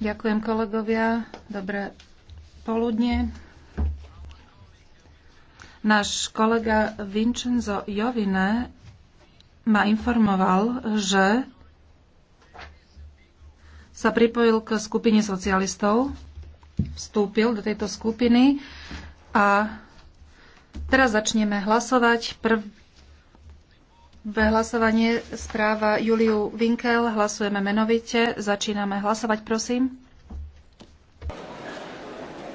Ďakujem kolegovia. Dobré poludne. Náš kolega Vincenzo Jovine ma informoval, že sa pripojil k skupine socialistov, vstúpil do tejto skupiny a teraz začneme hlasovať. Prv, v hlasovanie správa Juliu Winkel. Hlasujeme menovite. Začíname hlasovať, prosím.